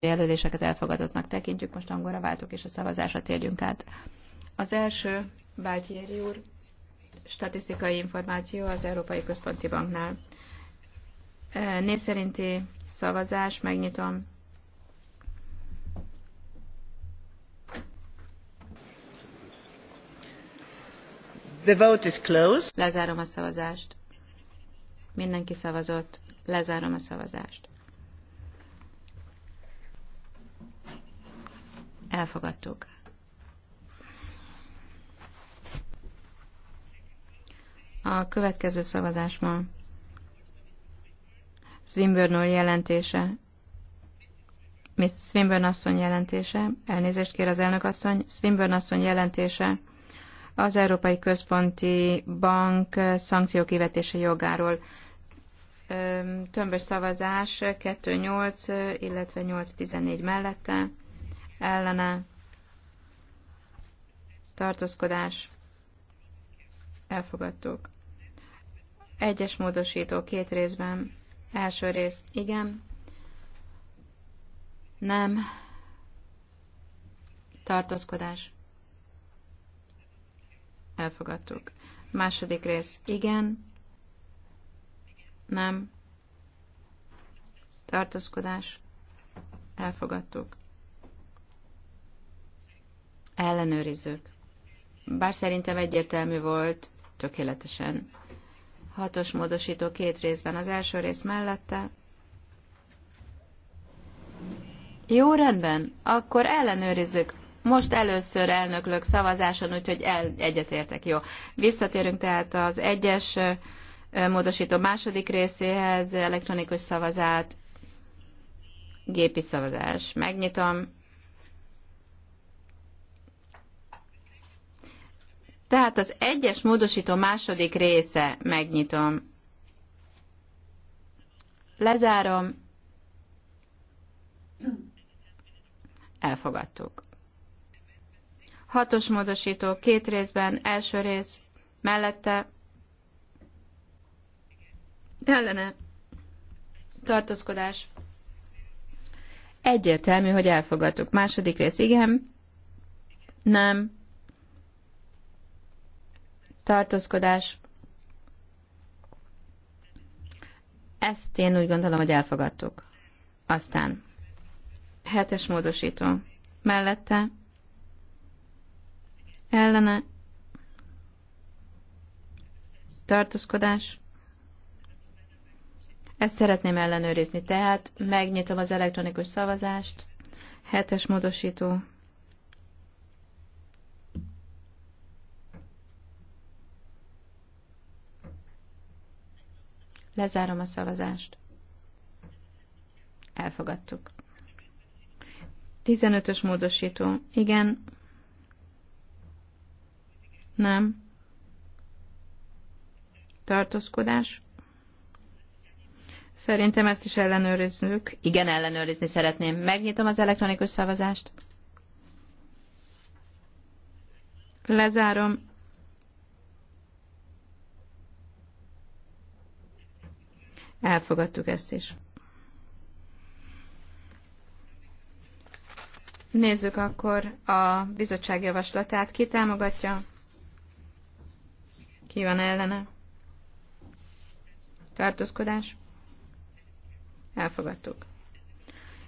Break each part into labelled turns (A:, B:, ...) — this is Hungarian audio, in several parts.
A: jelöléseket elfogadottnak tekintjük, most angolra váltok, és a szavazásra térjünk át. Az első, Báltyéri úr, statisztikai információ az Európai Központi Banknál. E, név szerinti szavazás, megnyitom. The vote is closed. Lezárom a szavazást. Mindenki szavazott. Lezárom a szavazást. elfogadtuk. A következő szavazás ma Swinburne jelentése, Miss Swinburne asszony jelentése, elnézést kér az elnök asszony, Swinburne asszony jelentése az Európai Központi Bank szankciók kivetése jogáról. Tömbös szavazás 2.8, illetve 8.14 mellette ellene tartózkodás elfogadtuk. Egyes módosító két részben. Első rész igen, nem, tartózkodás elfogadtuk. Második rész igen, nem, tartózkodás elfogadtuk ellenőrizzük. Bár szerintem egyértelmű volt, tökéletesen. Hatos módosító két részben az első rész mellette. Jó, rendben, akkor ellenőrizzük. Most először elnöklök szavazáson, úgyhogy el, egyetértek, jó. Visszatérünk tehát az egyes módosító második részéhez, elektronikus szavazát, gépi szavazás. Megnyitom. Tehát az egyes módosító második része, megnyitom. Lezárom. Elfogadtuk. Hatos módosító két részben, első rész, mellette, ellene, tartózkodás. Egyértelmű, hogy elfogadtuk. Második rész, igen, nem, tartózkodás. Ezt én úgy gondolom, hogy elfogadtuk. Aztán hetes módosító mellette ellene tartózkodás. Ezt szeretném ellenőrizni, tehát megnyitom az elektronikus szavazást. Hetes módosító Lezárom a szavazást. Elfogadtuk. 15-ös módosító. Igen. Nem. Tartózkodás. Szerintem ezt is ellenőrizzük. Igen, ellenőrizni szeretném. Megnyitom az elektronikus szavazást. Lezárom. Elfogadtuk ezt is. Nézzük akkor a bizottság javaslatát. Ki támogatja? Ki van ellene? Tartózkodás? Elfogadtuk.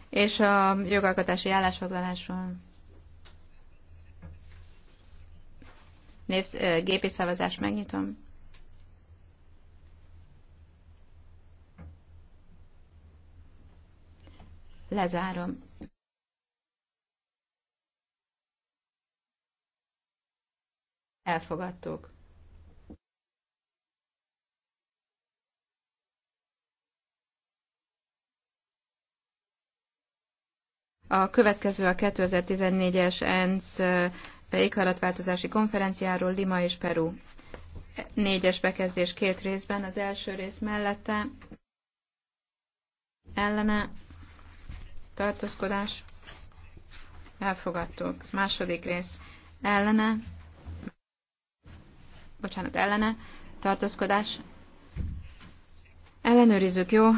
A: És a jogalkotási állásfoglalásról név, gépi szavazást megnyitom. Lezárom. Elfogadtuk. A következő a 2014-es ENSZ éghajlatváltozási konferenciáról Lima és Peru. Négyes bekezdés két részben, az első rész mellette ellene tartózkodás, elfogadtuk. Második rész ellene, bocsánat, ellene, tartózkodás, ellenőrizzük, jó?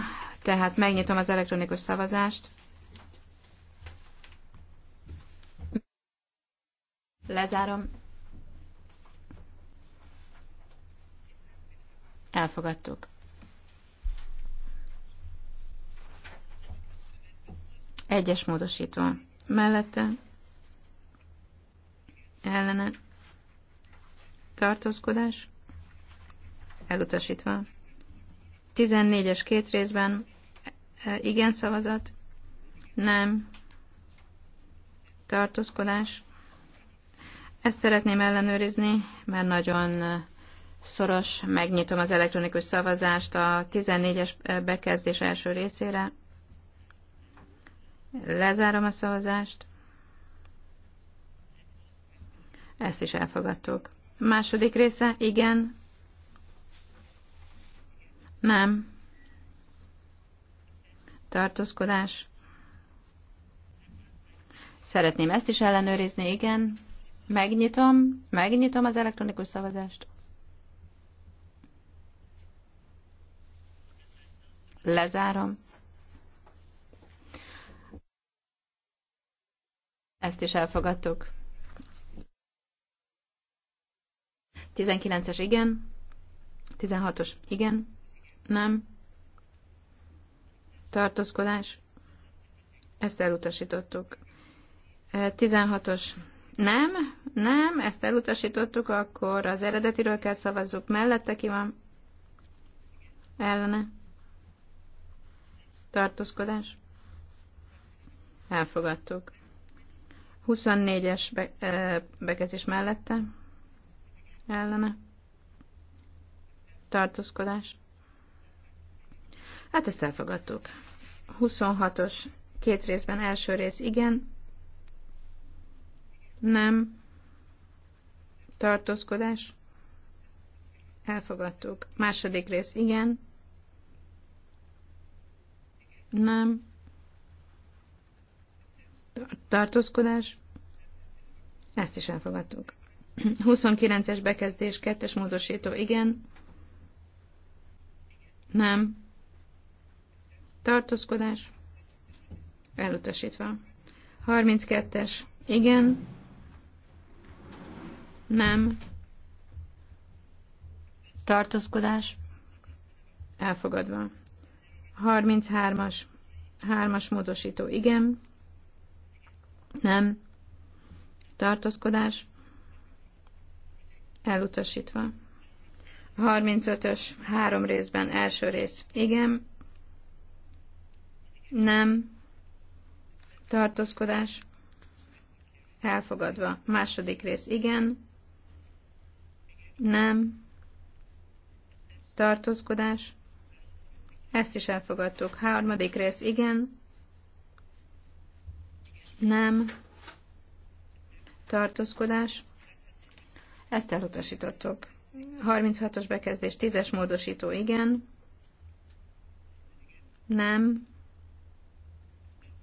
A: Tehát megnyitom az elektronikus szavazást. Lezárom. Elfogadtuk. Egyes módosító. Mellette. Ellene. Tartózkodás. Elutasítva. 14-es két részben. E, igen szavazat. Nem. Tartózkodás. Ezt szeretném ellenőrizni, mert nagyon e, szoros. Megnyitom az elektronikus szavazást a 14-es e, bekezdés első részére. Lezárom a szavazást. Ezt is elfogadtuk. Második része, igen. Nem. Tartózkodás. Szeretném ezt is ellenőrizni, igen. Megnyitom, megnyitom az elektronikus szavazást. Lezárom. Ezt is elfogadtuk. 19-es igen. 16-os igen. Nem. Tartózkodás. Ezt elutasítottuk. 16-os nem, nem, ezt elutasítottuk, akkor az eredetiről kell szavazzuk. Mellette ki van? Ellene. Tartózkodás. Elfogadtuk. 24-es be, bekezés mellette ellene tartózkodás. Hát ezt elfogadtuk. 26-os két részben első rész igen, nem, tartózkodás, elfogadtuk. Második rész igen, nem, tartózkodás, ezt is elfogadtuk. 29-es bekezdés, kettes módosító, igen, nem, tartózkodás, elutasítva. 32-es, igen, nem, tartózkodás, elfogadva. 33-as, 3-as módosító, igen, nem, tartózkodás, elutasítva. 35-ös, három részben, első rész, igen, nem, tartózkodás, elfogadva. Második rész, igen, nem, tartózkodás, ezt is elfogadtuk. Harmadik rész, igen, nem, tartózkodás, ezt elutasítottuk. 36-os bekezdés, 10-es módosító, igen, nem,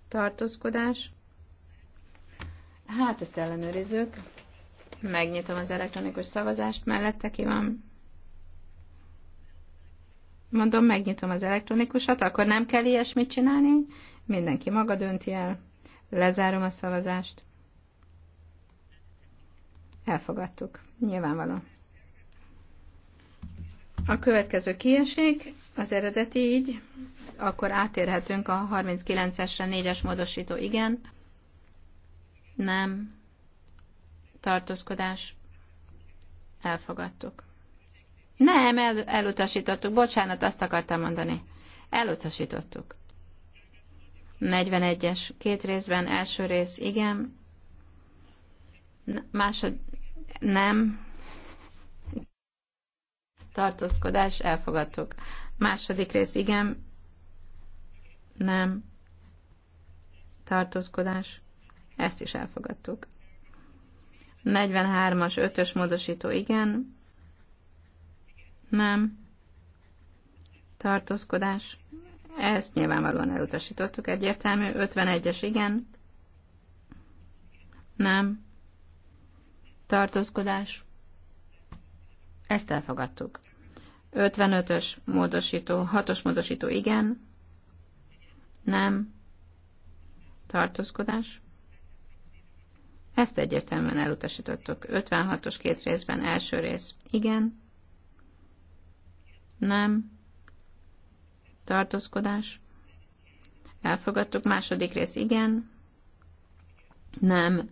A: tartózkodás, hát ezt ellenőrizzük, megnyitom az elektronikus szavazást, mellette ki van, mondom, megnyitom az elektronikusat, akkor nem kell ilyesmit csinálni, mindenki maga dönti el. Lezárom a szavazást. Elfogadtuk. Nyilvánvaló. A következő kieség az eredeti így, akkor átérhetünk a 39-esre, 4-es módosító, igen. Nem. Tartózkodás. Elfogadtuk. Nem, el, elutasítottuk. Bocsánat, azt akartam mondani. Elutasítottuk. 41-es két részben, első rész igen, másod nem, tartózkodás, elfogadtuk. Második rész igen, nem, tartózkodás, ezt is elfogadtuk. 43-as, 5-ös módosító igen, nem, tartózkodás, ezt nyilvánvalóan elutasítottuk egyértelmű. 51-es igen. Nem. Tartózkodás. Ezt elfogadtuk. 55-ös módosító, 6-os módosító igen. Nem. Tartózkodás. Ezt egyértelműen elutasítottuk. 56-os két részben első rész. Igen. Nem tartózkodás, elfogadtuk, második rész igen, nem,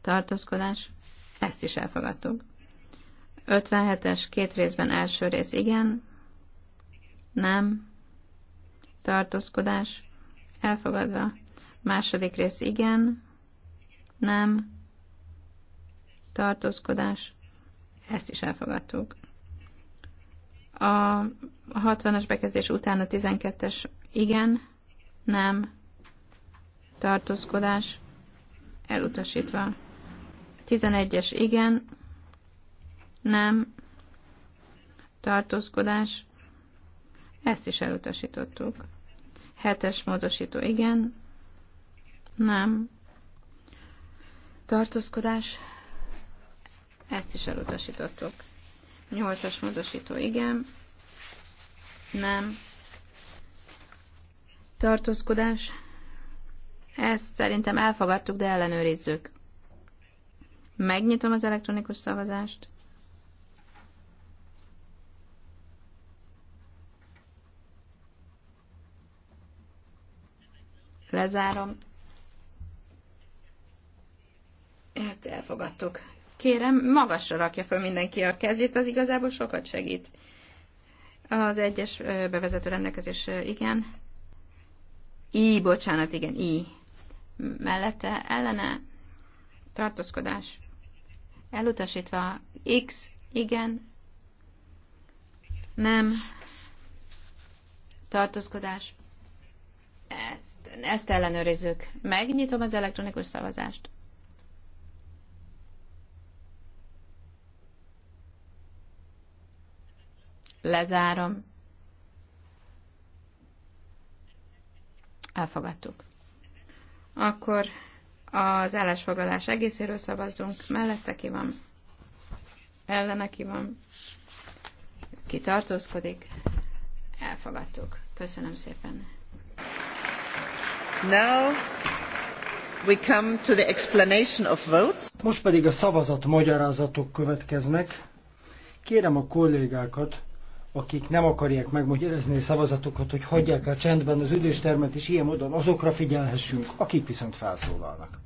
A: tartózkodás, ezt is elfogadtuk. 57-es két részben első rész igen, nem, tartózkodás, elfogadva. Második rész igen, nem, tartózkodás, ezt is elfogadtuk. A 60-as bekezdés után a 12-es igen, nem, tartózkodás, elutasítva. 11-es igen, nem, tartózkodás, ezt is elutasítottuk. 7-es módosító igen, nem, tartózkodás, ezt is elutasítottuk. Nyolcas módosító, igen. Nem. Tartózkodás. Ezt szerintem elfogadtuk, de ellenőrizzük. Megnyitom az elektronikus szavazást. Lezárom. Hát elfogadtuk. Kérem, magasra rakja fel mindenki a kezét, az igazából sokat segít. Az egyes bevezető rendelkezés, igen. I, bocsánat, igen, I. Mellette ellene tartózkodás. Elutasítva X, igen. Nem. Tartózkodás. Ezt, ezt ellenőrizzük. Megnyitom az elektronikus szavazást. Lezárom. Elfogadtuk. Akkor az állásfoglalás egészéről szavazzunk. Mellette ki van? Ellene ki van? Ki tartózkodik? Elfogadtuk. Köszönöm szépen. Now we come to the explanation of votes. Most pedig a szavazat magyarázatok következnek. Kérem a kollégákat, akik nem akarják megmagyarázni szavazatokat, hogy hagyják el csendben az üdéstermet, és ilyen módon azokra figyelhessünk, akik viszont felszólalnak.